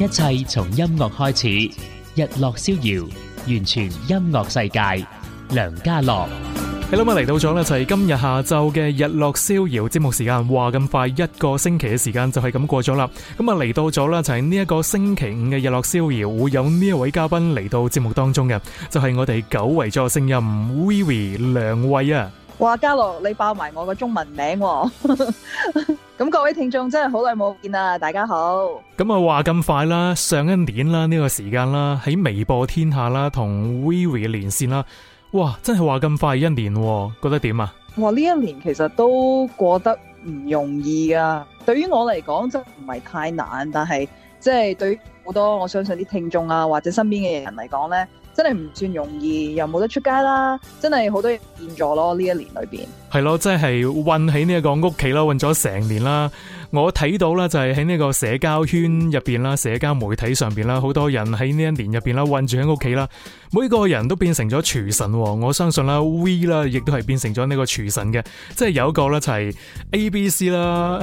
一切從音樂開始，日落逍遙，完全音樂世界。梁嘉樂，喺啦嘛嚟到咗咧，就係今日下晝嘅日落逍遙節目時間。話咁快一個星期嘅時間就係咁過咗啦。咁啊嚟到咗啦，就係呢一個星期五嘅日落逍遙會有呢一位嘉賓嚟到節目當中嘅，就係、是、我哋久違咗嘅聲音 VIVI 梁慧啊。哇，嘉樂你爆埋我個中文名，哦，咁 各位聽眾真係好耐冇見啦，大家好。咁啊，話咁快啦，上一年啦，呢個時間啦，喺微博天下啦，同 Vivi 連線啦，哇，真係話咁快一年，覺得點啊？哇，呢一年其實都過得唔容易㗎。對於我嚟講，真係唔係太難，但係即係對於好多我相信啲聽眾啊，或者身邊嘅人嚟講咧。真係唔算容易，又冇得出街啦，真係好多嘢變咗咯，呢一年裏面，係咯，真係困喺呢一個屋企啦，困咗成年啦。我睇到啦，就係喺呢個社交圈入邊啦，社交媒體上邊啦，好多人喺呢一年入邊啦，困住喺屋企啦，每個人都變成咗廚神、哦。我相信啦，VIVI 啦，亦都係變成咗呢個廚神嘅。即係有一個咧就係 A B C 啦，誒、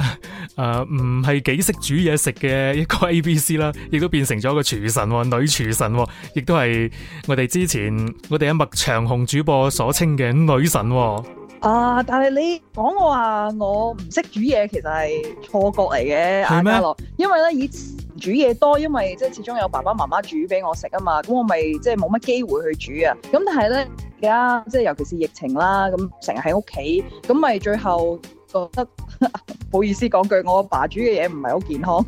呃，唔係幾識煮嘢食嘅一個 A B C 啦，亦都變成咗個廚神、哦，女廚神、哦，亦都係我哋之前我哋阿麥長虹主播所稱嘅女神、哦。啊！但係你講我話我唔識煮嘢，其實係錯覺嚟嘅，係咩？阿嘉樂。因為咧，以前煮嘢多，因為即係始終有爸爸媽媽煮俾我食啊嘛，咁我咪即係冇乜機會去煮啊。咁但係咧，而家即係尤其是疫情啦，咁成日喺屋企，咁咪最後覺得呵呵不好意思講句，我阿爸，爸煮嘅嘢唔係好健康。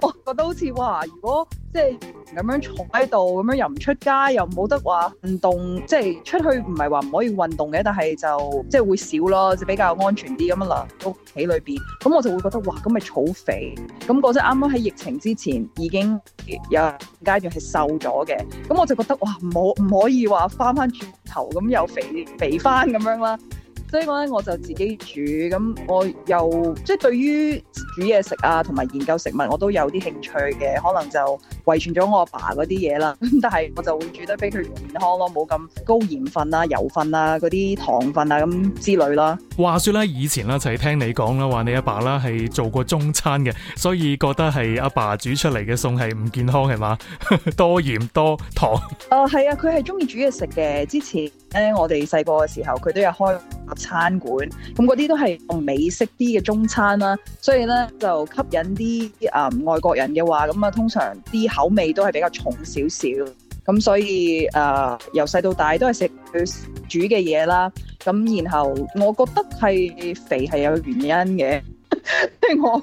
我覺得好似話，如果即係咁樣坐喺度，咁樣又唔出街，又冇得話運動，即係出去唔係話唔可以運動嘅，但係就即係會少咯，就比較安全啲咁樣啦，屋企裏邊。咁我就會覺得哇，咁咪草肥。咁嗰陣啱啱喺疫情之前已經有階段係瘦咗嘅，咁我就覺得哇，唔可以話翻翻轉頭咁又肥肥翻咁樣啦。所以咧，我就自己煮，咁我又即係、就是、對於煮嘢食啊，同埋研究食物，我都有啲興趣嘅。可能就遺傳咗我阿爸嗰啲嘢啦，但係我就會煮得比佢健康咯，冇咁高鹽分啊、油分啊、嗰啲糖分啊咁之類啦。話說咧，以前咧就係聽你講啦，話你阿爸啦係做過中餐嘅，所以覺得係阿爸、爸煮出嚟嘅餸，係唔健康係嘛？多鹽多糖。哦、啊，係啊，佢係中意煮嘢食嘅，之前。咧，我哋細個嘅時候，佢都有開餐館，咁嗰啲都係美式啲嘅中餐啦，所以咧就吸引啲啊、呃、外國人嘅話，咁啊通常啲口味都係比較重少少，咁所以啊由細到大都係食煮嘅嘢啦，咁然後我覺得係肥係有原因嘅。 我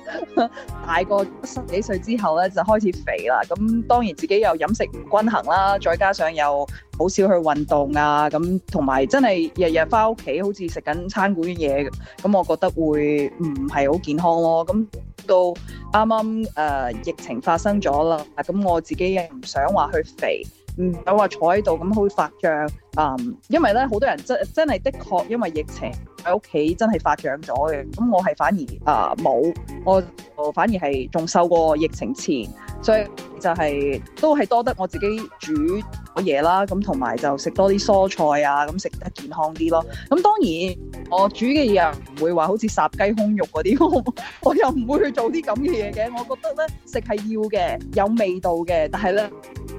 大個十幾歲之後咧，就開始肥啦。咁當然自己又飲食唔均衡啦，再加上又好少去運動啊。咁同埋真係日日返屋企，好似食緊餐館嘅嘢。咁我覺得會唔係好健康咯。咁到啱啱誒疫情發生咗啦。咁我自己又唔想話去肥。唔好話坐喺度咁，會發脹。嗯，因為咧，好多人真真係的確因為疫情喺屋企真係發脹咗嘅。咁我係反而啊冇、呃，我反而係仲瘦過疫情前。所以就係都係多得我自己煮嘢啦。咁同埋就食多啲蔬菜啊，咁食得健康啲咯。咁當然我煮嘅嘢唔會話好似殺雞胸肉嗰啲，我又唔會去做啲咁嘅嘢嘅。我覺得咧食係要嘅，有味道嘅，但係咧。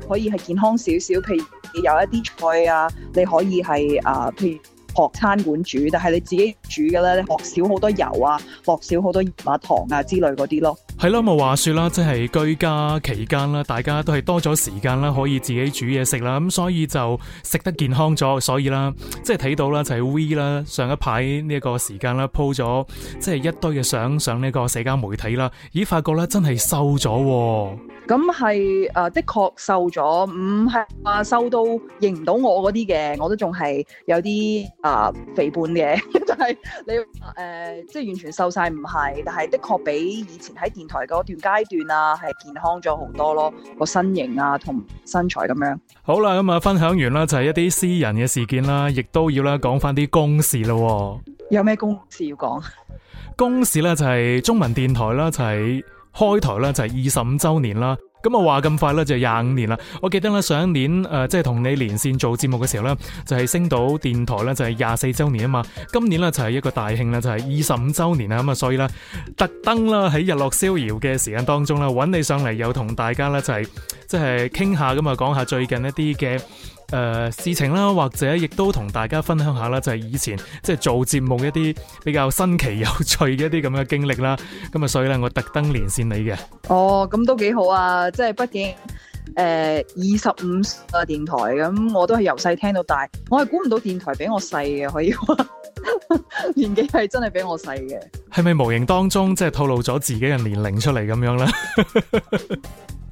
可以係健康少少，譬如有一啲菜啊，你可以係啊、呃，譬如學餐館煮，但係你自己煮嘅呢，學少好多油啊，學少好多鹽、啊、糖啊之類嗰啲咯。係咯，咪話說啦，即係居家期間啦，大家都係多咗時間啦，可以自己煮嘢食啦，咁所以就食得健康咗。所以啦，即係睇到啦，就係 Vivi 啦，上一排呢個時間啦 po 咗即係一堆嘅相上呢個社交媒體啦，咦，發覺咧真係瘦咗。咁係誒的確瘦咗，唔係話瘦到認唔到我嗰啲嘅，我都仲係有啲誒、呃、肥胖嘅，就 係你誒、呃、即係完全瘦晒唔係，但係的確比以前喺電台嗰段階段啊，係健康咗好多咯，個身形啊同身材咁樣。好啦，咁啊分享完啦，就係一啲私人嘅事件啦，亦都要啦講返啲公事咯。有咩公事要講？公事咧就係中文電台啦，就係開台啦，就係二十五周年啦。咁啊，話咁快啦，就廿五年啦！我記得咧上一年誒，即係同你連線做節目嘅時候呢，就係升到電台咧就係廿四周年啊嘛。今年咧就係一個大慶啦，就係二十五周年啊。咁啊，所以咧特登啦喺日落逍遙嘅時間當中咧，揾你上嚟又同大家咧就係即係傾下咁啊，講下最近一啲嘅。誒、呃、事情啦，或者亦都同大家分享下啦，就係、是、以前即係、就是、做節目一啲比較新奇有趣嘅一啲咁嘅經歷啦。咁啊，所以咧，我特登連線你嘅。哦，咁都幾好啊！即係畢竟。誒，二十五啊，電台咁，我都係由細聽到大，我係估唔到電台比我細嘅，可以話 年紀係真係比我細嘅。係咪無形當中即係透露咗自己嘅年齡出嚟咁樣咧？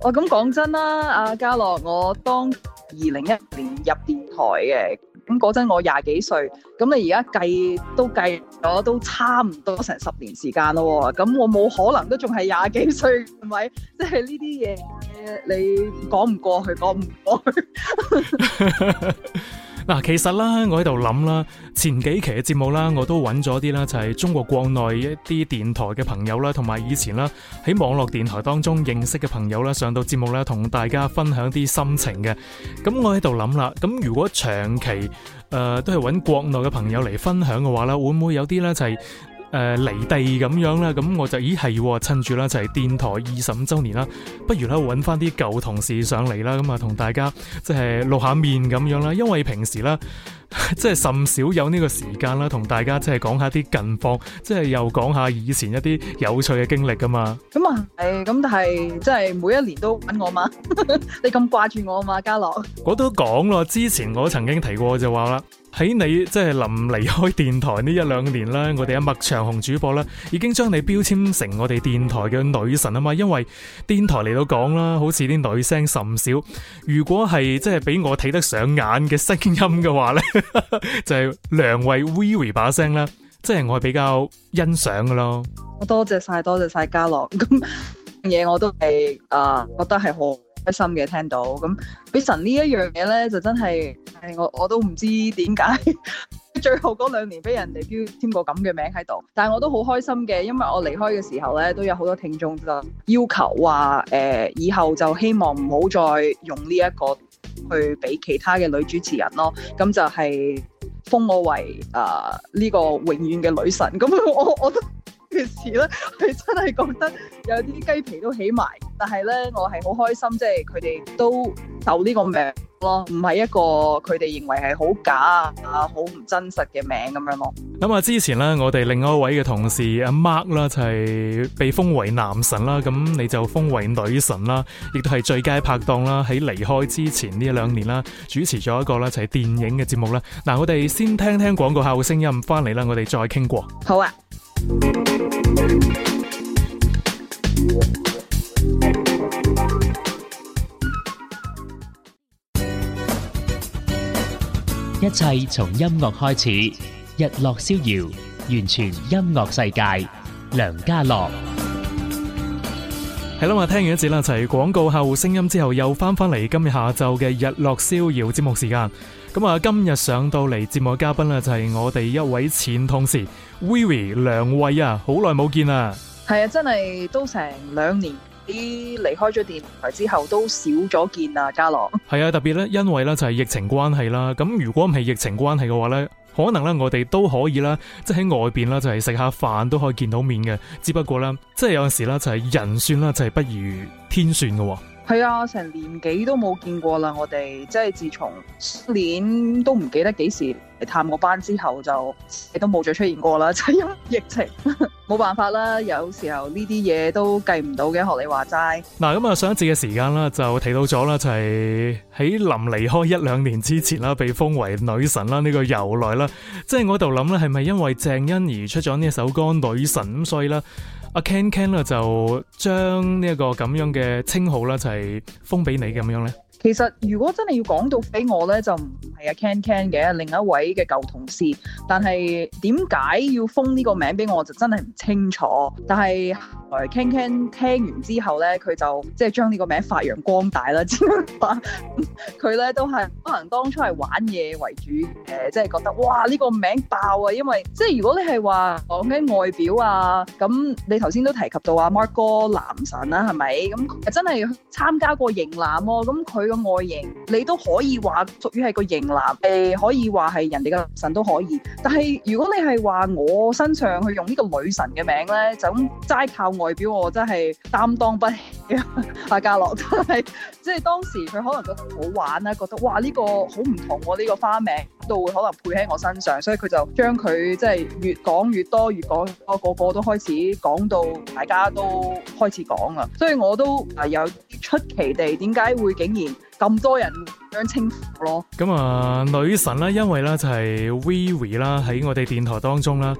哦、 uh，咁講真啦，阿嘉樂，我當二零零一年入電台嘅。咁嗰陣我廿幾歲，咁你而家計都計咗都差唔多成十年時間喇喎，咁我冇可能都仲係廿幾歲，係咪？即係呢啲嘢你講唔過去，講唔過去。 嗱，其實啦，我喺度諗啦，前幾期嘅節目啦，我都揾咗啲啦，就係中國國內一啲電台嘅朋友啦，同埋以前啦喺網絡電台當中認識嘅朋友啦，上到節目啦，同大家分享啲心情嘅。咁我喺度諗啦，咁如果長期誒、呃、都係揾國內嘅朋友嚟分享嘅話啦，會唔會有啲呢？就係、是？誒、呃，離地咁樣啦，咁我就咦係趁住啦，就係、是、電台二十五周年啦，不如啦搵翻啲舊同事上嚟啦，咁啊同大家即係錄下面咁樣啦，因為平時啦即係甚少有呢個時間啦，同大家即係講下啲近況，即、就、係、是、又講下以前一啲有趣嘅經歷噶嘛。咁、嗯、啊，誒、嗯，咁但係即係每一年都搵我嘛？ 你咁掛住我嘛？嘉樂，我都講啦，之前我曾經提過就話啦。喺你即係臨離開電台呢一兩年啦，我哋阿麥長虹主播啦已經將你標籤成我哋電台嘅女神啊嘛，因為電台嚟到講啦，好似啲女聲甚少，如果係即係俾我睇得上眼嘅聲音嘅話咧，就係梁嘉樂 Vivi 把聲啦，即係我係比較欣賞嘅咯。我多謝晒，多謝晒，嘉樂，咁嘢我都係啊，我覺得係好。開心嘅聽到，咁俾神呢一樣嘢咧，就真係，我我都唔知點解，最後嗰兩年俾人哋標籤個咁嘅名喺度，但係我都好開心嘅，因為我離開嘅時候咧，都有好多聽眾就要求話，誒、呃，以後就希望唔好再用呢一個去俾其他嘅女主持人咯，咁就係封我為誒呢、呃呢個永遠嘅女神，咁我我。我我都其實咧，係真係覺得有啲雞皮都起埋，但係咧，我係好開心，即係佢哋都受呢個名咯，唔係一個佢哋認為係好假啊，好唔真實嘅名咁樣咯。咁、嗯、啊，之前咧，我哋另外一位嘅同事阿 Mark 啦，就係被封為男神啦，咁你就封為女神啦，亦都係最佳拍檔啦。喺離開之前呢一兩年啦，主持咗一個咧就係電影嘅節目啦。嗱、嗯，我哋先聽聽廣告客嘅聲音翻嚟啦，我哋再傾過。好啊。一切從音樂開始，日樂逍遙，完全音樂世界，梁嘉樂。係啦，我聽完一節啦，齊廣告後聲音之後又翻翻嚟今日下晝嘅日落逍遙節目時間。咁啊，今日上到嚟節目嘅嘉賓呢就係我哋一位前同事 Vivi 梁嘉樂啊，好耐冇見啦。係啊，真係都成兩年，你離開咗電台之後都少咗見啊。嘉樂。係啊，特別呢，因為呢就係疫情關係啦。咁如果唔係疫情關係嘅話呢。可能咧，我哋都可以啦，即係喺外邊啦，就係食下飯都可以見到面嘅。只不過咧，即係有陣時咧，就係人算啦，就係不如天算嘅喎。係啊，成年幾都冇見過啦，我哋即係自從年都唔記得幾時嚟探過班之後就，就亦都冇再出現過啦，就 係因疫情冇辦法啦。有時候呢啲嘢都計唔到嘅，學你話齋。嗱、啊，咁、嗯、啊上一次嘅時間啦，就提到咗啦，就係喺臨離開一兩年之前啦，被封為女神啦，呢、這個由來啦，即、就、係、是、我度諗咧，係咪因為鄭欣宜出咗呢一首歌《女神》咁，所以咧？阿 Ken Ken 啦，就將呢一個咁樣嘅稱號啦，就係封俾你咁樣咧。其實如果真係要講到俾我咧，就唔係阿 Ken Ken 嘅另一位嘅舊同事。但係點解要封呢個名俾我，就真係唔清楚。但係、呃、Ken Ken 聽完之後咧，佢就即係將呢個名發揚光大啦知。佢咧 都係可能當初係玩嘢為主，即、呃、係、就係、覺得哇呢、呢個名爆啊！因為即係如果你係話講緊外表啊，咁你頭先都提及到阿 Mark 哥男神啦、啊，係咪？咁真係參加過型男喎，咁佢，個外形，你都可以話屬於係個型男，誒，可以話係人哋個神都可以。但係如果你係話我身上去用呢個女神嘅名咧，就咁齋靠外表，我真係擔當不起啊家！嘉樂，真係即係當時佢可能覺得好玩啦，覺得哇呢個好唔同我、啊、呢個花名都會可能配喺我身上，所以佢就將佢即係越講越多，越講個個都開始講到，大家都開始講啦。所以我都有出奇地，點解會竟然咁多人咁樣稱呼咯，咁啊、呃、女神啦，因為咧就係 Vivi 啦，喺我哋電台當中啦。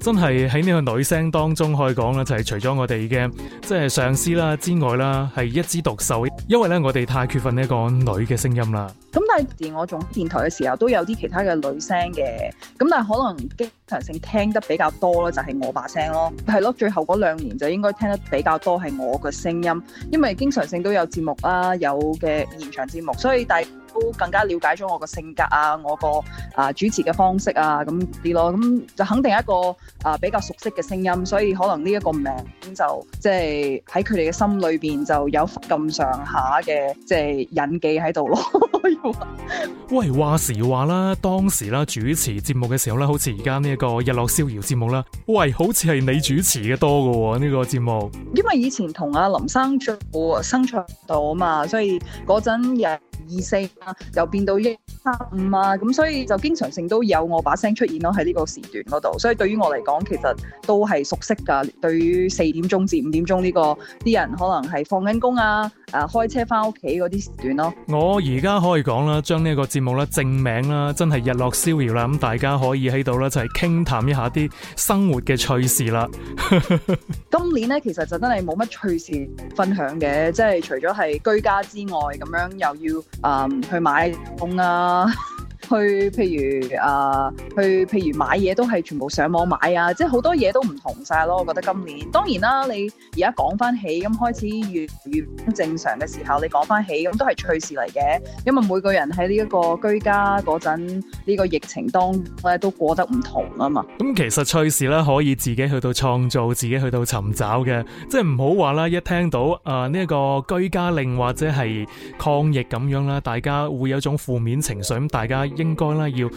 真係喺呢個女聲當中可以講啦，就係除咗我哋嘅即係上司啦之外啦，係一枝獨秀。因為咧，我哋太缺乏呢個女嘅聲音啦。咁但係自我做電台嘅時候，都有啲其他嘅女聲嘅。咁但係可能經常性聽得比較多囉，就係我把聲咯。係咯，最後嗰兩年就應該聽得比較多係我嘅聲音，因為經常性都有節目啦，有嘅現場節目，所以大。都更加了解咗我個性格啊，我個啊主持嘅方式啊咁啲咯，咁就肯定係一個啊比較熟悉嘅聲音，所以可能呢一個名就即係喺佢哋嘅心裏邊就有咁上下嘅即係印記喺度咯。 喂，話時話啦，當時啦主持節目嘅時候啦，好似而家呢一個日樂逍遙節目啦，喂，好似係你主持嘅多噶呢、這個節目。因為以前同阿林生做生菜島啊嘛，所以嗰陣二四啊，又變到一三五啊，咁所以就經常性都有我把聲出現咯，喺呢個時段嗰度，所以對於我嚟講，其實都係熟悉㗎。對於四點鐘至五點鐘呢個啲人可能係放緊工啊，啊開車翻屋企嗰啲時段咯。我而家可以講啦，將呢一個節目咧正名啦，真係日落逍遙啦，咁大家可以喺度咧就係傾談一下啲生活嘅趣事啦。 今年咧其實就真係冇乜趣事分享嘅，即係除咗係居家之外，咁樣又要。啊、um，去買餸啊！去譬如啊，去譬如買嘢都係全部上網買啊，即係好多嘢都唔同晒咯。我覺得今年當然啦，你而家講翻起咁開始越越正常嘅時候，你講翻起咁都係趣事嚟嘅，因為每個人喺呢一個居家嗰陣呢個疫情當咧都過得唔同啊嘛。咁、嗯、其實趣事咧可以自己去到創造，自己去到尋找嘅，即係唔好話啦，一聽到啊呢一個居家令或者係抗疫咁樣啦，大家會有一種負面情緒咁，大家。應該啦，要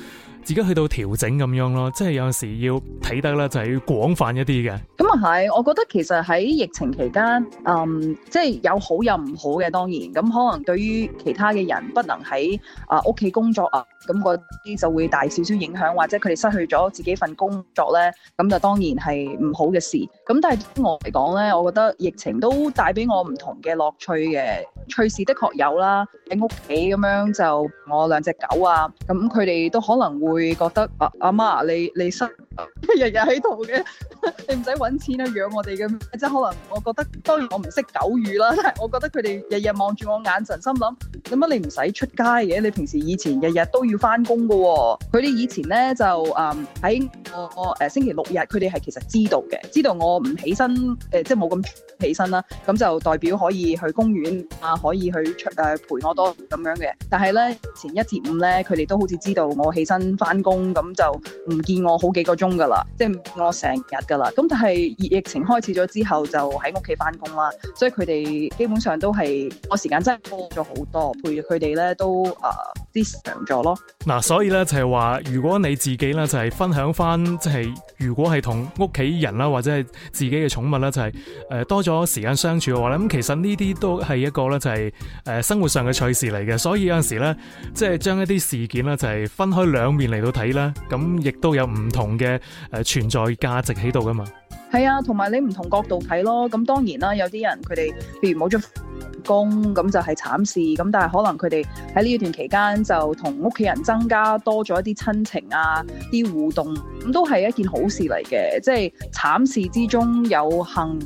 自己去到調整咁樣咯，即係有陣時要睇得啦，就係要廣泛一啲嘅。咁啊係，我覺得其實喺疫情期間，嗯，即係有好有唔好嘅，當然咁可能對於其他嘅人不能喺啊屋企工作啊。咁嗰啲就會大少少影響，或者佢哋失去咗自己份工作咧，咁就當然係唔好嘅事。咁但係對我嚟講咧，我覺得疫情都帶俾我唔同嘅樂趣嘅趣事，的確有啦。喺屋企咁樣就我兩隻狗啊，咁佢哋都可能會覺得阿阿、啊啊、媽你你失日日喺度嘅，你唔使揾錢啊養我哋嘅，即係可能我覺得當然我唔識狗語啦，但係我覺得佢哋日日望住我眼神，心諗點解你唔使出街嘅？你平時以前日日都～要翻工噶，佢哋以前咧就誒喺、嗯、我誒、呃、星期六日，佢哋係其實知道嘅，知道我唔起身誒、呃，即係冇咁起身啦。咁就代表可以去公園啊，可以去出誒、呃、陪我多咁樣嘅。但係咧前一至五咧，佢哋都好似知道我起身翻工，咁就唔見我好幾個鐘噶啦，即係唔見我成日噶啦。咁但係疫疫情開始咗之後，就喺屋企翻工啦，所以佢哋基本上都係我時間真係多咗好多，陪佢哋咧都誒啲長咗咯。嗱、啊，所以咧就係話，如果你自己咧就係、是、分享翻，即、就、係、是、如果係同屋企人啦，或者係自己嘅寵物啦，就係、是、誒、呃、多咗時間相處嘅話咧，咁其實呢啲都係一個咧就係、是、誒、呃、生活上嘅趣事嚟嘅，所以有陣時咧即係將一啲事件咧就係、是、分開兩面嚟到睇啦，咁亦都有唔同嘅誒、呃、存在價值喺度㗎嘛。係啊，同埋你唔同角度睇咯。咁當然啦，有啲人佢哋譬如冇咗工，咁就係慘事。咁但係可能佢哋喺呢一段期間就同屋企人增加多咗一啲親情啊，啲互動咁都係一件好事嚟嘅。即係慘事之中有幸。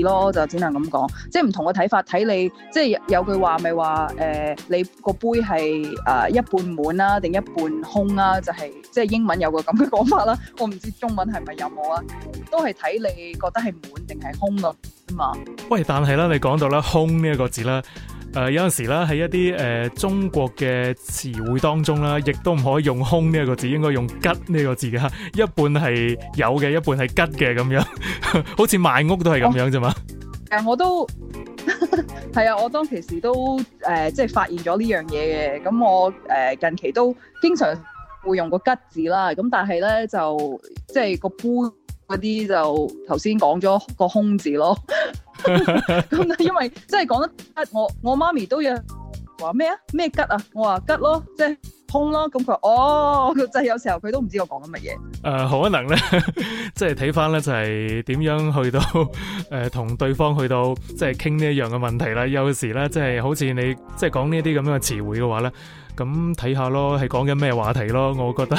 咯，就只能咁講，即係唔同嘅睇法，睇你即係有句話咪話誒，你個杯係誒一半滿啦，定一半空啦，就係即係英文有個咁嘅講法啦。我唔知中文係咪有冇啊，都係睇你覺得係滿定係空㗎嘛。喂，但係咧，你講到咧空呢一個字啦。誒，有陣時咧喺一啲誒中國嘅詞彙當中啦，亦都唔可以用空呢一個字，應該用吉呢個字嘅吓。一半係有嘅，一半係吉嘅咁樣，好似賣屋都係咁樣啫嘛。誒，我都係啊，我當其時都誒，即係發現咗呢樣嘢嘅。咁我誒近期都經常會用個吉字啦。咁但係咧就即係個杯嗰啲就頭先講咗個空字咯。咁 因為即係講得我我媽咪都要話咩啊咩吉啊，我話吉咯，即係空咯，咁佢話哦，就係有時候佢都唔知我講緊乜嘢。誒、呃，可能咧， 即係睇翻咧，就係點樣去到誒同、呃、對方去到即係傾呢一樣嘅問題啦。有時咧，即係好似你即係講呢啲咁樣嘅詞彙嘅話咧，咁睇下咯，係講緊咩話題咯？我覺得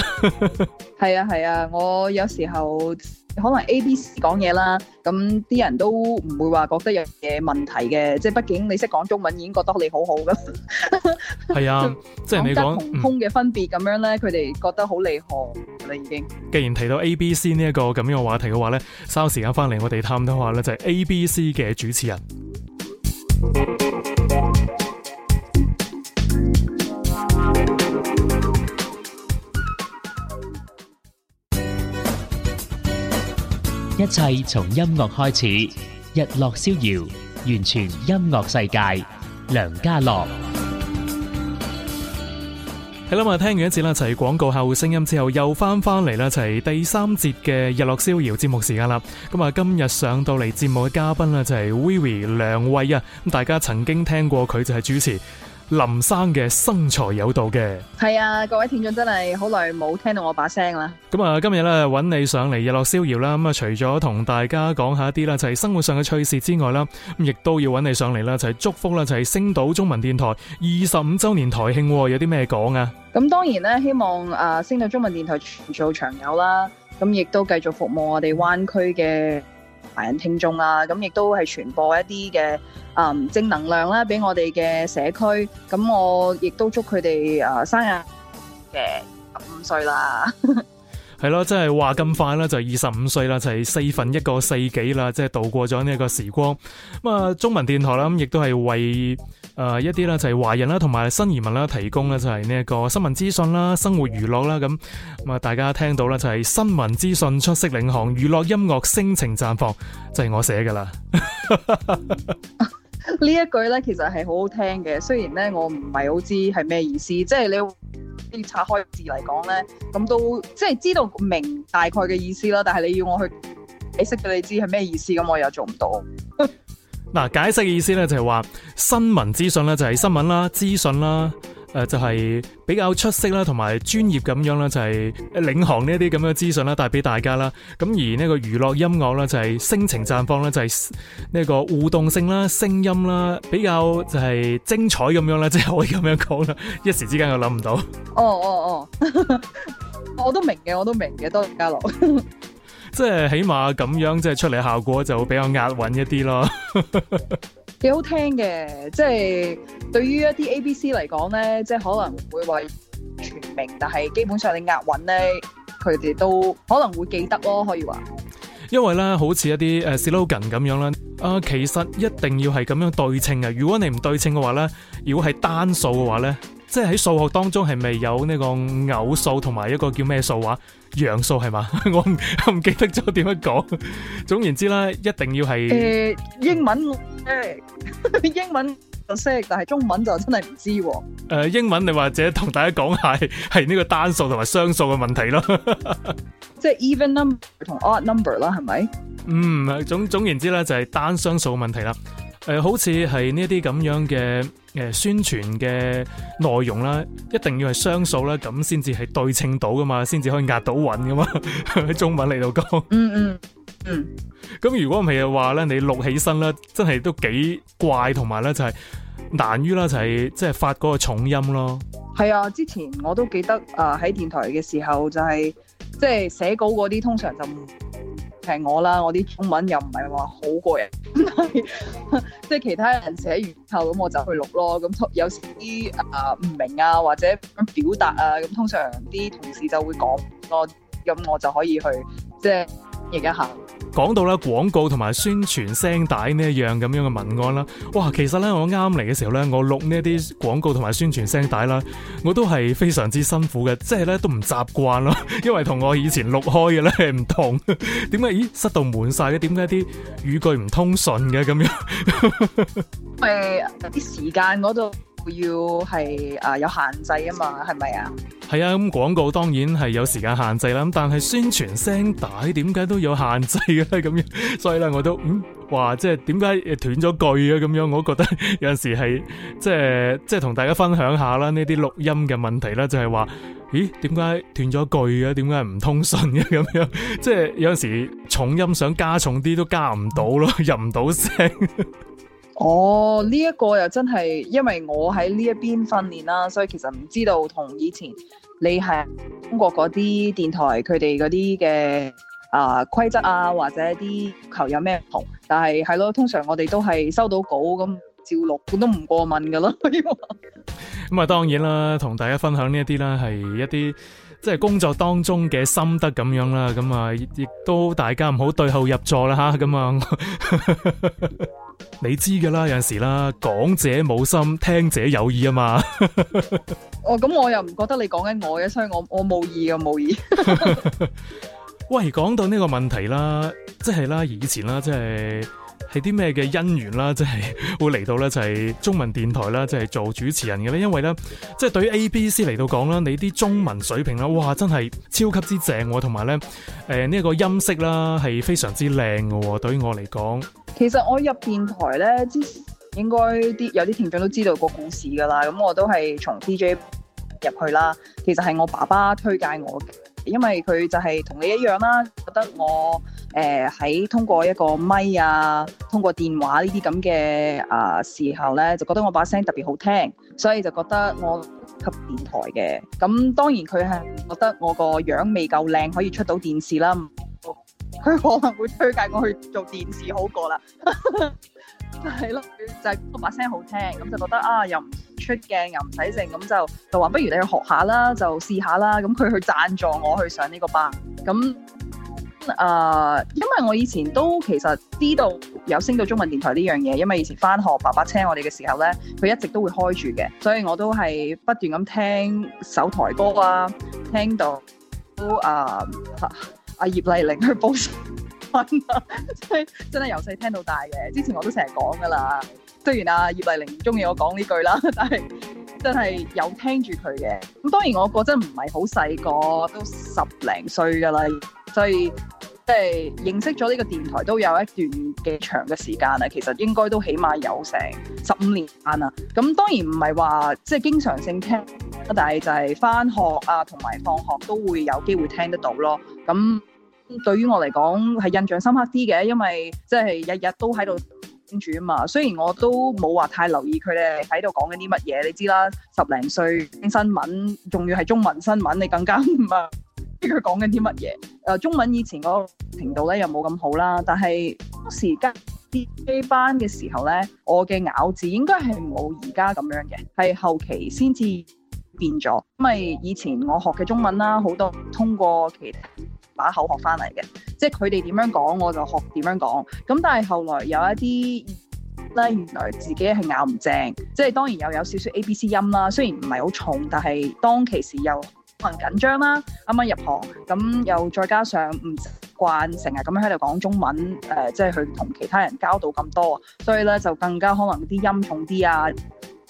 係 啊係啊，我有時候。可能 A、B、C 講嘢啦，咁啲人都唔會話覺得有嘢問題嘅，即係畢竟你識講中文已經覺得你好好咁。係啊，即係你講空嘅分別咁樣咧，嗯，佢哋覺得好厲害啦已經。既然提到 A、B、C 呢一個咁樣嘅話題嘅話咧，稍時間翻嚟我哋探討下咧，就係 A、B、C 嘅主持人。一切從音樂開始，日落逍遙，完全音樂世界，梁家樂。係啦，咁啊，聽完一節啦，即係、就是、廣告後聲音之後，又翻翻嚟啦，即係、就是、第三節嘅日落逍遙節目時間啦。咁啊，今日上到嚟節目嘅嘉賓啦，就係 Vivi 梁偉啊，咁大家曾經聽過佢就係主持。林生嘅生財有道嘅，係啊！各位聽眾真係好耐冇聽到我把聲啦。咁啊，今日咧揾你上嚟日落逍遙啦。咁啊，除咗同大家講下一啲啦，就係、是、生活上嘅趣事之外啦，咁亦都要揾你上嚟啦，就係、是、祝福啦，就係星島中文電台二十五周年台慶，有啲咩講啊？咁當然咧，希望誒、呃、星島中文電台長做長有啦，咁亦都繼續服務我哋灣區嘅。華人聽眾啦，咁亦都係傳播一啲嘅正能量啦，俾我哋嘅社區。咁我亦都祝佢哋啊生日嘅十五歲啦。係 咯，即係話咁快啦，就二十五歲啦，就係四分一個世紀啦，即係度過咗呢一個時光。咁啊，中文電台啦，咁亦都係為誒、呃，一啲咧就係華人啦，同埋新移民啦，提供咧就係呢一個新聞資訊啦，生活娛樂啦，咁咁啊，大家聽到咧就係新聞資訊出色領航，娛樂音樂聲情綻放，就係、是、我寫噶啦。呢一句咧，其實係好好聽嘅。雖然咧，我唔係好知係咩意思，即係你要拆開字嚟講咧，咁都即係知道明大概嘅意思啦。但係你要我去解釋俾你知係咩意思，咁我又做唔到。 嗱，解釋嘅意思咧就係話，新聞資訊咧就係新聞啦，資訊啦，誒就係比較出色啦，同埋專業咁樣啦，就係領航呢一啲咁嘅資訊啦，帶俾大家啦。咁而呢個娛樂音樂咧就係聲情綻放啦，就係呢個互動性啦，聲音啦，比較就係精彩咁樣啦，即係可以咁樣講啦。一時之間又諗唔到。哦哦哦，我都明嘅，我都明嘅，多謝嘉樂。即 係起碼咁樣，即係出嚟效果就比較押韻一啲咯。幾 好聽嘅，即係對於一啲 A B C 嚟講咧，即係可能會話全名，但係基本上你押韻咧，佢哋都可能會記得咯，可以話。因為咧，好似一啲誒、uh, slogan 咁樣啦，啊，其實一定要係咁樣對稱嘅，如果你唔對稱嘅話咧，如果係單數嘅話咧，即係喺數學當中係咪有呢個偶數同埋一個叫咩數啊？陽數係嘛？我我唔記得咗點樣講。總言之啦，一定要係誒英文誒英文就識，但係中文就真係唔知。誒，英文你或者同大家講下係係呢個單數同埋雙數嘅問題咯。即係 even number 同 odd number 啦，係咪？嗯，總總言之啦，就係單雙數嘅問題啦。誒、呃，好似係呢一啲咁樣嘅誒、呃、宣傳嘅內容啦，一定要係雙數啦，咁先至係對稱到噶嘛，先至可以壓到韻噶嘛。喺 中文嚟度講，嗯嗯嗯，咁如果唔係嘅話咧，你錄起身啦，真係都幾怪，同埋咧就係難於啦，就係即係發嗰個重音咯。係啊，之前我都記得誒喺、呃、電台嘅時候就係即係寫稿嗰啲，通常就唔係我啦，我啲中文又唔係話好過人。咁即係其他人寫完後，咁我就去錄咯。咁有時啲啊唔明啊，或者咁表達啊，咁通常啲同事就會講多，咁我就可以去即係而家行。就是講到啦，廣告同埋宣傳聲帶呢一樣咁樣嘅文案啦，哇，其實咧我啱嚟嘅時候咧，我錄呢一啲廣告同埋宣傳聲帶啦，我都係非常之辛苦嘅，即係咧都唔習慣咯，因為同我以前錄開嘅咧唔同，點解？咦，塞到滿晒嘅，點解啲語句唔通順嘅咁樣？係 啲時間嗰度。要係啊、呃、有限制啊嘛，係咪啊？係啊，咁廣告當然係有時間限制啦，但係宣傳聲帶，點解都有限制嘅咧咁樣？所以咧，我都嗯話即係點解斷咗句啊？咁樣，我覺得有陣時係即係即係同大家分享下啦，呢啲錄音嘅問題啦，就係話咦，點解斷咗句啊？點解唔通順嘅？咁樣，即係有陣時重音想加重啲都加唔到咯，入唔到聲。 哦，呢、這、一個又真係，因為我喺呢一邊訓練啦，所以其實唔知道同以前你係中國嗰啲電台佢哋嗰啲嘅啊規則啊或者啲要求有咩唔同，但係係咯，通常我哋都係收到稿咁照錄，咁都唔過問噶咯。咁啊，當然啦，同大家分享呢一啲啦，係一啲。即係工作當中嘅心得咁樣啦，咁啊亦都大家唔好對號入座啦吓，咁啊 你知㗎啦，有陣時啦，講者冇心，聽者有意啊嘛 。哦，咁我又唔覺得你講緊我嘅，所以我我冇意啊。冇意。意 喂，講到呢個問題啦，即係啦，以前啦，即係。係啲咩嘅姻緣啦，即係會嚟到咧，就係中文電台啦，即係做主持人嘅咧。因為咧，即係對於 A B C 嚟到講啦，你啲中文水平啦，哇，真係超級之正，同埋咧，誒呢一個音色啦，係非常之靚嘅。對於我嚟講，其實我入電台咧，之前應該啲有啲聽眾都知道個故事噶啦。咁我都係從 D J 入去啦，其實係我爸爸推介我嘅。因為佢就係同你一樣啦，覺得我誒喺、呃、通過一個咪啊，通過電話呢啲咁嘅啊時候呢，就覺得我把聲特別好聽，所以就覺得我及電台嘅。咁當然佢係覺得我個樣未夠靚，可以出到電視啦。佢可能會推介我去做電視好過啦。 係咯，就係嗰把聲好聽，咁就覺得啊，又唔出鏡又唔使剩，咁就就話，不如你去學下啦，就試下啦。咁佢去贊助我去上呢個班，咁、呃、因為我以前都其實知道有升到中文電台呢樣嘢，因為以前翻學爸爸車我哋嘅時候呢，佢一直都會開住嘅，所以我都係不斷咁聽首台歌啊，聽到都、呃、啊阿葉麗玲去報。 真係真係由細聽到大嘅，之前我都成日講噶啦。雖然啊葉麗玲唔中意我講呢句啦，但係真係有聽住佢嘅。咁當然我個真唔係好細個，都十零歲噶啦，所以即係、就是、認識咗呢個電台都有一段嘅長嘅時間啦。其實應該都起碼有成十五年間啦。咁當然唔係話即係經常性聽，但係就係返學啊同埋放學都會有機會聽得到咯。咁。對於我嚟講係印象深刻啲嘅，因為即係日日都喺度跟住啊嘛。雖然我都冇話太留意佢哋喺度講緊啲乜嘢，你知啦，十零歲聽新聞，仲要係中文新聞，你更加唔知佢講緊啲乜嘢。誒、呃，中文以前嗰個程度咧又冇咁好啦。但係當時教 DJ 班嘅時候咧，我嘅咬字應該係冇而家咁樣嘅，係後期先至變咗。因為以前我學嘅中文啦，好多通過其他把口學翻嚟嘅，即係佢哋點樣講，我就學點樣講。咁但係後來有一啲咧，原來自己係咬唔正，即係當然又有少少 ABC 音啦。雖然唔係好重，但係當其時又可能緊張啦，啱啱入行，咁又再加上唔慣，成日咁樣喺度講中文，呃，即係佢同其他人交道咁多，所以咧就更加可能啲音重啲啊。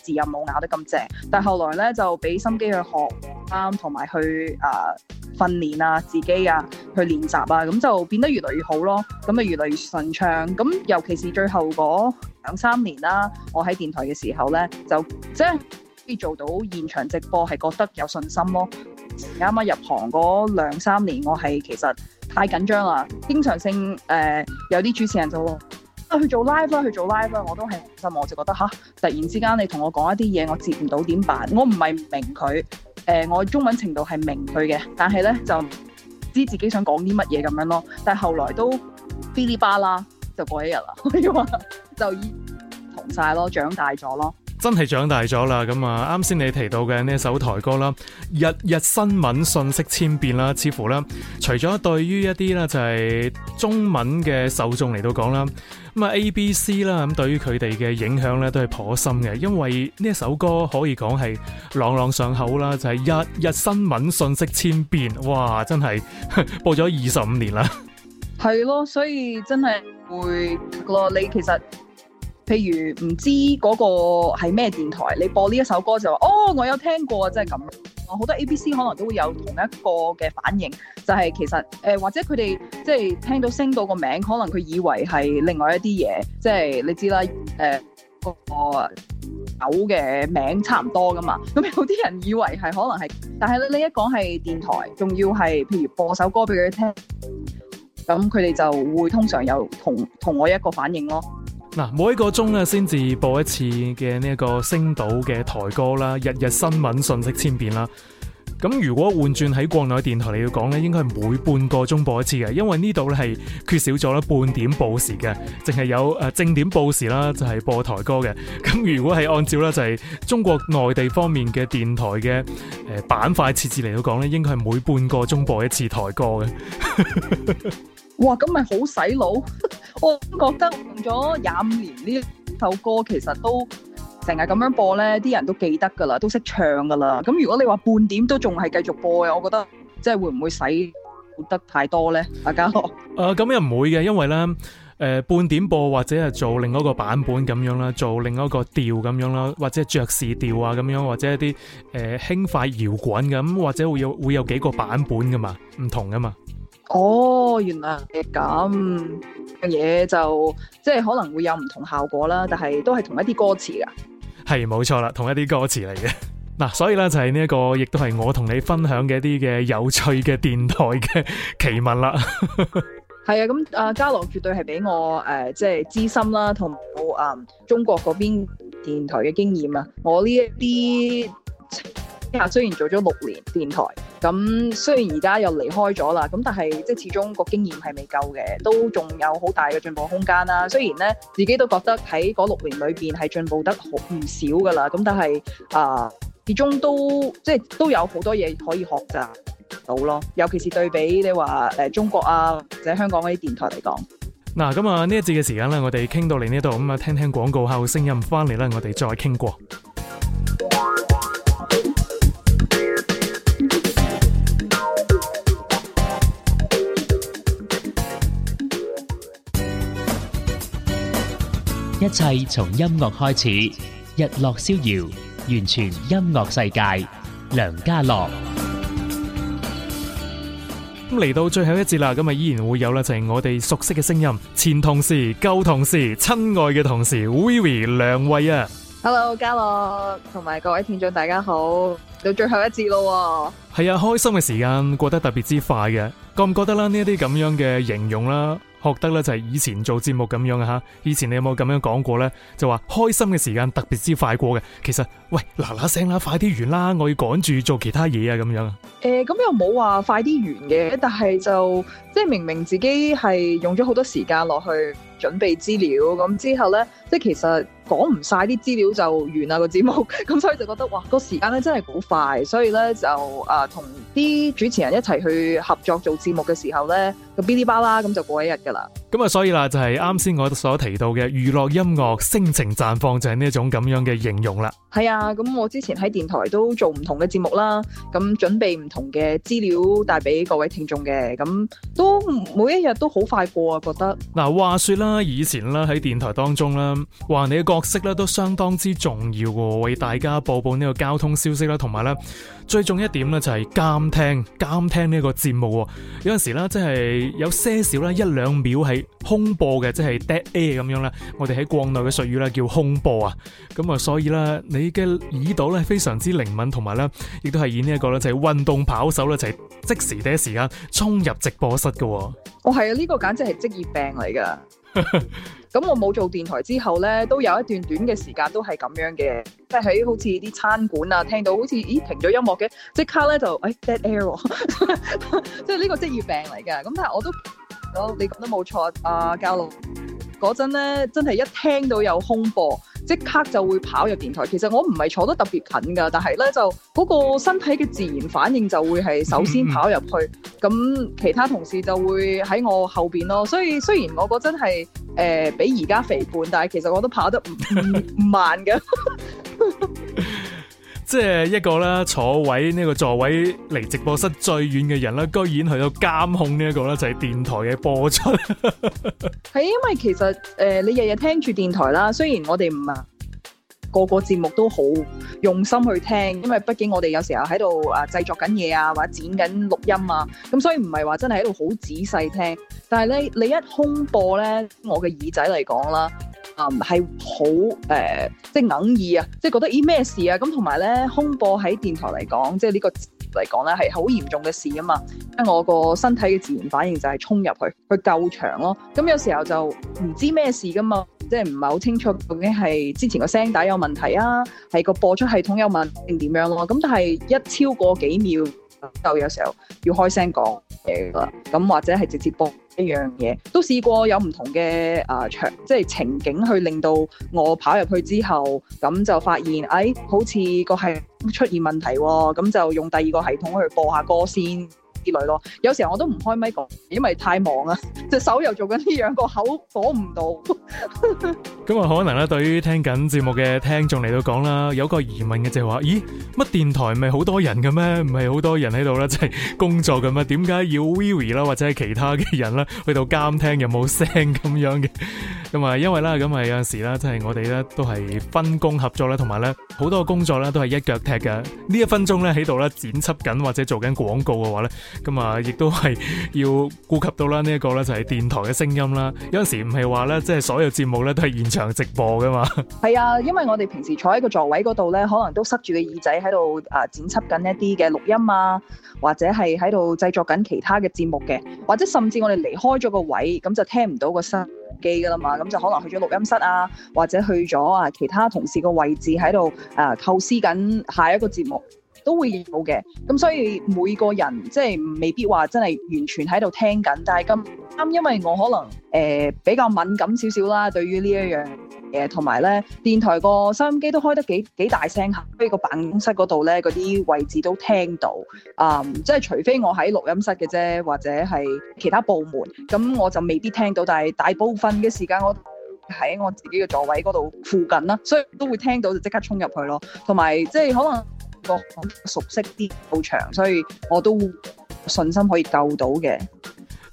字又冇咬得咁正，但係後來咧就俾心機去學啱，同埋去誒、呃、訓練啊、自己啊、去練習啊，咁就變得越嚟越好咯。咁啊，越嚟越順暢。咁尤其是最後嗰兩三年啦、啊，我喺電台嘅時候咧，就即係可以做到現場直播，係覺得有信心咯。啱啱入行嗰兩三年，我係其實太緊張啦，經常性誒、呃、有啲主持人就。去做 live 啦、啊，去做 live 啦、啊，我都係，心，我就覺得吓、啊，突然之間你同我講一啲嘢，我接唔到點辦？我唔係唔明佢，誒、呃、我中文程度係明佢嘅，但係咧就唔知自己想講啲乜嘢咁樣咯。但係後來都嗶哩吧啦，就過了一日啦，可以話就已經同晒咯，長大咗咯。真係長大咗啦，咁啊，啱先你提到嘅呢一首台歌啦，日日新聞信息，千變啦，似乎啦。除咗對於一啲咧就係中文嘅受眾嚟到講啦，咁啊 A、B、C 啦，咁對於佢哋嘅影響咧都係頗深嘅，因為呢一首歌可以講係朗朗上口啦，就係日日新聞信息，千變哇，真係播咗二十五年啦，係咯，所以真係會咯，你其實。譬如唔知嗰個係咩電台，你播呢一首歌就話哦，我有聽過啊，即係咁。好多 A B C 可能都會有同一個嘅反應，就係、是、其實誒、呃、或者佢哋即係聽到升到個名，可能佢以為係另外一啲嘢，即係你知啦誒、呃，那個狗嘅名差唔多噶嘛。咁有啲人以為係可能係，但係咧你一講係電台，仲要係譬如播首歌俾佢聽，咁佢哋就會通常有同同我一個反應咯。嗱，每一個鐘咧，先至播一次嘅呢一個星島嘅台歌啦，日日新聞信息千變啦。咁如果換轉喺國內電台嚟到講咧，應該係每半個鐘播一次嘅，因為呢度咧係缺少咗咧半點報時嘅，淨係有誒正點報時啦，就係播台歌嘅。咁如果係按照呢，就係中國內地方面嘅電台嘅誒板塊設置嚟到講咧，應該係每半個鐘播一次台歌嘅。 哇，咁咪好洗腦！ 我覺得用咗廿五年呢首歌，其實都成日咁樣播呢，啲人都記得噶啦，都識唱噶啦。咁如果你話半點都仲係繼續播嘅，我覺得即係會唔會洗得太多呢？阿嘉樂，咁又唔會嘅，因為呢、呃、半點播或者係做另一個版本咁樣啦，做另一個調咁樣啦，或者爵士調啊咁樣，或者一啲誒、呃、輕快搖滾咁，或者會有會有幾個版本噶嘛，唔同噶嘛。哦，原來係咁嘅嘢，就即係可能會有唔同效果啦，但係都係同一啲歌詞㗎。係冇錯啦，同一啲歌詞嚟嘅。嗱、 啊，所以咧就係呢一個，亦都係我同你分享嘅一啲嘅有趣嘅電台嘅奇聞啦。係 啊，咁啊，嘉樂絕對係俾我誒，即、呃、係、就係、資深啦，同埋有啊、嗯、中國嗰邊電台嘅經驗啊。我呢一啲啊，雖然做咗六年電台。咁雖然而家又離開咗啦，咁但係即係始終個經驗係未夠嘅，都仲有好大嘅進步空間啦。雖然咧自己都覺得喺嗰六年裏邊係進步得好唔少噶啦，咁但係啊、呃，始終都即係都有好多嘢可以學習到咯。尤其是對比你話誒中國啊，或者香港嗰啲電台嚟講。嗱，咁啊呢一節嘅時間咧，我哋傾到嚟呢度，咁啊聽聽廣告後聲音翻嚟咧，我哋再傾過。一切從音樂開始，日落逍遙，完全音樂世界。梁家樂，咁嚟到最後一節啦，咁啊依然會有啦，就係我哋熟悉嘅聲音，前同事、舊同，同事、親愛嘅同事，VIVI 兩位啊。Hello，家樂同埋各位聽眾大家好，到最後一節咯。係啊，開心嘅時間過得特別之快嘅，覺唔覺得啦？呢一啲咁樣嘅形容啦。學得咧就係以前做節目咁樣嘅吓，以前你有冇咁樣講過咧？就話開心嘅時間特別之快過嘅，其實喂，嗱嗱聲啦，快啲完啦，我要趕住做其他嘢啊咁樣。誒、呃，咁又冇話快啲完嘅，但係就即係、就是、明明自己係用咗好多時間落去。準備資料咁之後咧，即係其實講唔晒啲資料就完啦個節目，咁所以就覺得哇個時間咧真係好快，所以咧就啊同啲主持人一齊去合作做節目嘅時候咧個嗶哩吧啦咁就過一日噶啦。咁啊所以啦就係啱先我所提到嘅娛樂音樂聲情綻放就係呢一種咁樣嘅形容啦。係啊，咁我之前喺電台都做唔同嘅節目啦，咁準備唔同嘅資料帶俾各位聽眾嘅，咁都每一日都好快過啊，覺得。嗱，話說咧。以前啦喺電台當中啦，話你嘅角色咧都相當之重要，為大家播報呢個交通消息啦，同埋咧最重要一點咧就係監聽，監聽呢一個節目。有陣時咧即係有些少咧一兩秒係空播嘅，即係 dead air 咁樣啦。我哋喺國內嘅術語咧叫空播啊，咁啊所以咧你嘅耳朵咧非常之靈敏，同埋咧亦都係演呢一個咧就係運動跑手咧，就係即時第一時間衝入直播室嘅。哦，係啊，呢個簡直係職業病嚟噶。咁 我冇做電台之後咧，都有一段短嘅時間都係咁樣嘅，即係喺好似啲餐館啊，聽到好似咦停咗音樂嘅，即刻咧就誒 dead air，即係呢個職業病嚟嘅。咁但係我都，你講得冇錯啊，教路。嗰陣咧，真係一聽到有空播，即刻就會跑入電台。其實我唔係坐得特別近㗎，但係咧就嗰個身體嘅自然反應就會係首先跑入去。咁、嗯、其他同事就會喺我後面咯。所以雖然我嗰陣係誒比而家肥胖，但係其實我都跑得唔唔 慢嘅的。 即係一個咧坐位呢，這個座位離直播室最遠嘅人啦，居然去到監控呢一個咧就係電台嘅播出。係 因為其實誒、呃，你日日聽住電台啦，雖然我哋唔啊個個節目都好用心去聽，因為畢竟我哋有時候喺度啊製作緊嘢啊，或者剪緊錄音啊，咁所以唔係話真係喺度好仔細聽。但係咧，你一空播咧，我嘅耳仔嚟講啦。嗯，係好誒，即係硬意啊，即係覺得咦咩事啊？咁同埋咧，空播喺電台嚟講，即係呢個嚟講咧，係好嚴重嘅事啊嘛！因為我個身體嘅自然反應就係衝入去，去救場咯。咁有時候就唔知咩事噶嘛，即係唔係好清楚究竟係之前個聲帶有問題啊，係個播出系統有問定點樣咯？咁但係一超過幾秒夠，有時候要開聲講嘢啦。咁或者係直接播。一樣嘢都試過有唔同嘅、呃、場，即係情景去令到我跑入去之後，咁就發現誒、哎、好似個係出現問題喎，哦，咁就用第二個系統去播下歌先。啲類咯，有時候我都唔開麥講，因為太忙啦，隻手又做緊呢樣，個口講唔到。咁啊，可能咧，對於聽緊節目嘅聽眾嚟到講啦，有個疑問嘅就係話，咦，乜電台咪好多人嘅咩？唔係好多人喺度咧，即係工作嘅嘛？點解要 Vivi 啦，或者係其他嘅人咧，去到監聽有冇聲咁樣嘅？咁啊，因為啦，咁係有陣時啦，即係我哋咧都係分工合作啦，同埋咧好多工作咧都係一腳踢嘅。呢一分鐘咧喺度咧剪輯緊或者做緊廣告嘅話咧。咁啊，亦都係要顧及到啦。呢一個咧就係電台嘅聲音啦。有陣時唔係話咧，即係所有節目咧都係現場直播噶嘛。係啊，因為我哋平時坐喺個座位嗰度咧，可能都塞住個耳仔喺度啊，剪輯緊一啲嘅錄音啊，或者係喺度製作緊其他嘅節目嘅，或者甚至我哋離開咗個位，咁就聽唔到個收音機噶啦嘛。咁就可能去咗錄音室啊，或者去咗啊其他同事個位置喺度啊構思緊下一個節目。都會有嘅，咁所以每個人即係未必話真係完全喺度聽緊，但係咁啱，因為我可能誒、呃、比較敏感少少啦，對於呢一樣嘢，同埋咧電台個收音機都開得幾幾大聲，所以個辦公室嗰度咧嗰啲位置都聽到，啊、嗯，即係除非我喺錄音室嘅啫，或者係其他部門，咁我就未必聽到，但係大部分嘅時間我喺我自己嘅座位嗰度附近啦，所以都會聽到就即刻衝入去咯，同埋即係可能。個熟悉啲好長，所以我都信心可以救到嘅。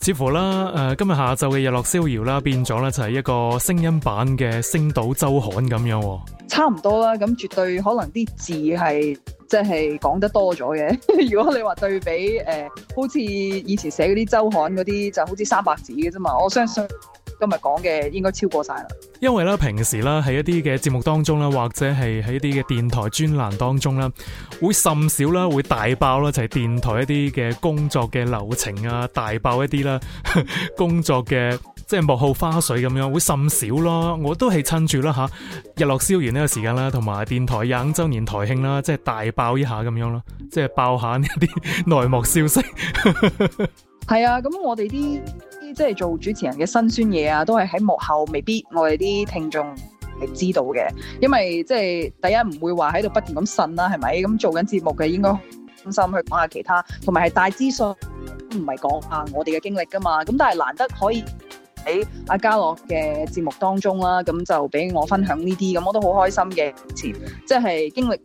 似乎啦，誒，今日下晝嘅日落逍遙啦，變咗咧就係一個聲音版嘅星島周刊咁樣，差唔多啦。咁絕對可能啲字係即係講得多咗嘅。 如果你話對比誒、呃，好似以前寫嗰啲周刊嗰啲，就好似三百字嘅啫嘛。我相信。今日講嘅應該超過晒啦，因為咧平時咧喺一啲嘅節目當中咧，或者係喺一啲嘅電台專欄當中咧，會甚少啦，會大爆啦，就係電台一啲嘅工作嘅流程啊，大爆一啲啦，工作嘅即係幕後花絮咁樣，會甚少啦。我都係趁住啦嚇，日落消完呢個時間啦，同埋電台廿五週年台慶啦，即係大爆一下咁樣咯，即係爆下呢啲內幕消息。呵呵呵係啊，咁我哋啲即係做主持人嘅辛酸嘢啊，都係喺幕後，未必我哋啲聽眾係知道嘅。因為即係第一唔會話喺度不斷咁呻啦，係咪咁，做緊節目嘅應該開心去講下其他，同埋係大資訊唔係講下我哋嘅經歷噶嘛，咁但係難得可以喺阿嘉樂嘅節目當中啦，咁就俾我分享呢啲，咁我都好開心嘅，以前即係經歷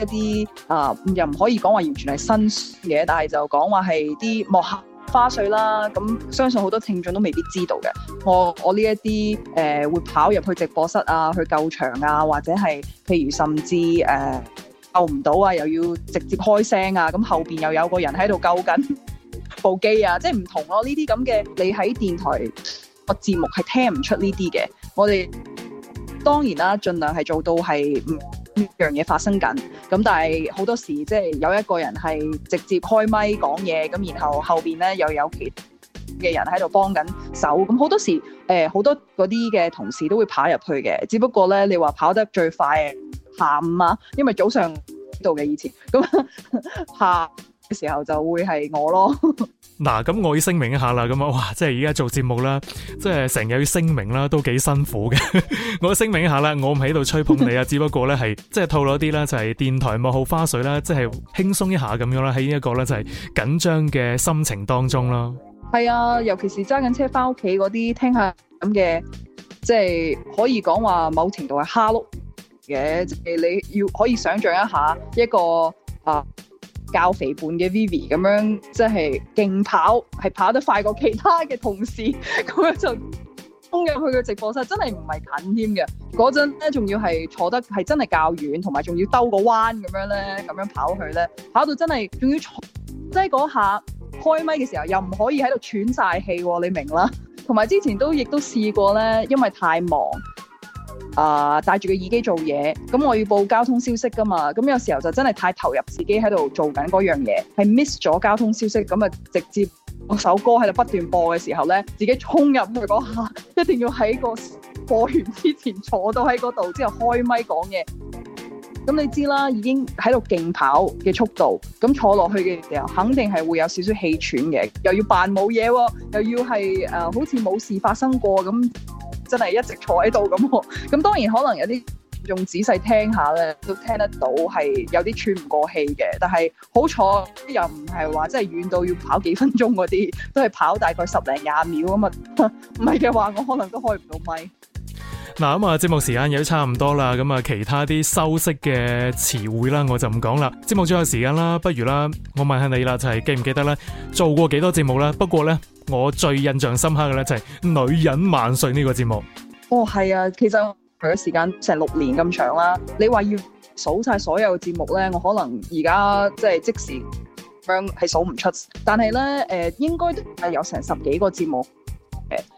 一啲啊，又唔可以講話完全係辛酸嘢，但係就講話係啲幕後。花絮啦，咁相信好多聽眾都未必知道嘅。我我呢一啲誒會跑入去直播室啊，去救場啊，或者係譬如甚至誒、呃、救唔到啊，又要直接開聲啊，咁後邊又有個人喺度救緊部機啊，即係唔同咯，啊。呢啲咁嘅你喺電台個節目係聽唔出呢啲嘅。我哋當然啦，啊，盡量係做到係。唔。呢樣嘢發生緊，咁但係好多時即係、就是、有一個人係直接開咪講嘢，咁然後後邊咧又有其嘅其他人喺度幫緊手，咁好多時誒好、呃、多嗰啲嘅同事都會跑入去嘅，只不過咧你話跑得最快下午啊，因為早上度嘅以前，咁下嘅時候就會係我咯。嗱，啊，咁我要聲明一下啦，咁啊，哇，即係而家做節目啦，即係成日要聲明啦，都幾辛苦嘅。 我要聲明一下啦，我唔喺度吹捧你啊， 只不過咧係即係套攞啲咧就係電台幕後花絮啦，即係輕鬆一下咁樣啦，喺呢一個咧就係緊張嘅心情當中啦。係啊，尤其是揸緊車返屋企嗰啲，聽下咁嘅，即、就、係、是、可以講話某程度係蝦碌嘅，即、就、係、是、你要可以想象一下一個啊。呃較肥胖嘅 Vivi 咁樣，即係勁跑，係跑得快過其他嘅同事，咁樣就衝入去嘅直播室，真係唔係近添嘅。嗰陣咧，仲要係坐得係真係較遠，同埋仲要兜個彎咁樣咧，咁樣跑去咧，跑到真係仲要坐，即係嗰下開咪嘅時候，又唔可以喺度喘晒氣喎，你明啦。同埋之前都亦都試過咧，因為太忙。啊、呃！戴住個耳機做嘢，咁我要報交通消息噶嘛，咁有時候就真係太投入自己喺度做緊嗰樣嘢，係 miss 咗交通消息，咁啊直接我首歌喺度不斷播嘅時候咧，自己衝入去嗰下，一定要喺個播完之前坐到喺嗰度，之後開麥講嘢。咁你知啦，已經喺度勁跑嘅速度，咁坐落去嘅時候，肯定係會有少少氣喘嘅，又要扮冇嘢喎，又要係誒、呃、好似冇事發生過咁。那真係一直坐喺度咁，咁當然可能有啲用仔細聽下咧，都聽得到係有啲喘唔過氣嘅。但係好彩，又唔係話真係遠到要跑幾分鐘嗰啲，都係跑大概十零廿秒吖嘛。唔係嘅話，我可能都開唔到咪。嗱咁啊，節目時間亦都差唔多啦，咁啊，其他啲修飾嘅詞彙啦，我就唔講啦。節目仲有時間啦，不如啦，我問下你啦，就係記唔記得咧做過幾多節目咧？不過咧，我最印象深刻嘅咧就係女人萬歲呢個節目。哦，係啊，其實我嚟嘅時間成六年咁長啦。你話要數晒所有節目咧，我可能而家即係即時係數唔出，但係咧誒，應該都係有成十幾個節目。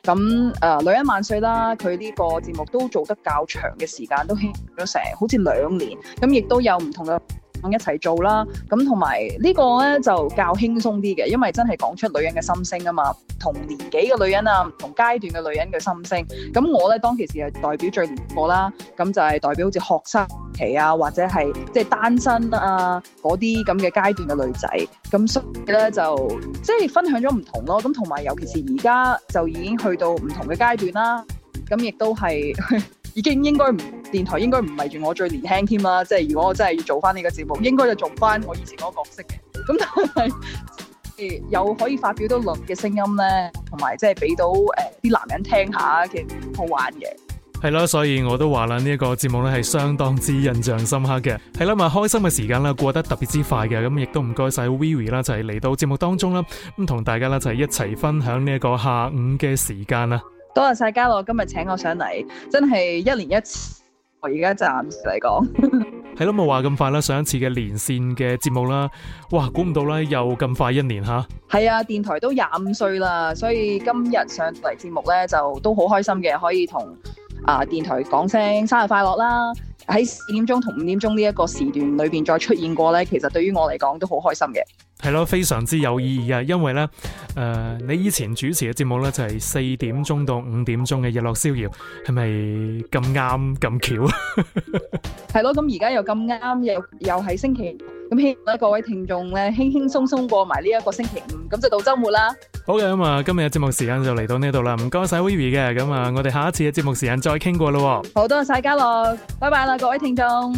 咁、嗯、誒、呃，女一萬歲啦，佢呢個節目都做得較長嘅時間，都興咗成好似兩年，咁、嗯、亦都有唔同嘅。我一齊做啦，咁同埋呢個呢就較輕鬆啲嘅，因為真係講出女人嘅心聲啊嘛，同年紀嘅女人啊，唔同階段嘅女人嘅心聲。咁我呢當其時係代表最年過啦，咁就係代表好似學生期啊，或者係即係單身啊嗰啲咁嘅階段嘅女仔。咁所以呢就即係分享咗唔同咯。咁同埋尤其是而家就已經去到唔同嘅階段啦，咁亦都係。已經應該唔電台應該唔係住我最年輕添啦，即係如果我真係要做翻呢個節目，應該就做翻我以前嗰個角色嘅。咁但係、呃、又可以發表到女嘅聲音咧，同埋即係俾到誒啲、呃、男人聽一下，其實好玩嘅。係啦，所以我都話啦，這個、節呢一個節目咧係相當之印象深刻嘅。係啦，咁啊，開心嘅時間啦過得特別之快嘅，咁亦都唔該晒 Vivi 啦，就係、是、嚟到節目當中啦，咁同大家啦就係、是、一齊分享呢一個下午嘅時間啦。多謝晒嘉樂，今日請我上嚟，真係一年一次。我而家暫時嚟講、 嗯，係咯，冇話咁快啦。上一次嘅連線嘅節目啦，哇，估唔到啦，又咁快一年吓。係啊，電台都廿五歲啦，所以今日上嚟節目咧，就都好開心嘅，可以同啊、呃、電台講聲生日快樂啦。喺四點鐘同五點鐘呢一個時段裏邊再出現過咧，其實對於我嚟講都好開心嘅。係咯，非常之有意義啊！因為咧，誒、呃，你以前主持嘅節目咧就係四點鐘到五點鐘嘅日落逍遙，係咪咁啱咁巧？係咯，咁而家又咁啱，又又喺星期，咁希望咧，各位聽眾咧，輕輕鬆鬆過埋呢一個星期五，咁就到周末啦。好嘅，咁、嗯、啊，今日嘅節目時間就嚟到呢度啦，唔該晒 Vivi 嘅，咁啊，我哋下一次嘅節目時間再傾過咯。好，多謝晒家樂，拜拜啦，各位聽眾。